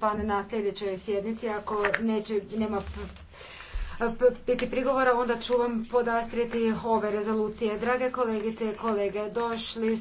pane na sljedećoj sjednici. Ako neće, nema biti prigovora, onda ću vam podastrijeti ove rezolucije. Drage kolegice i kolege, došli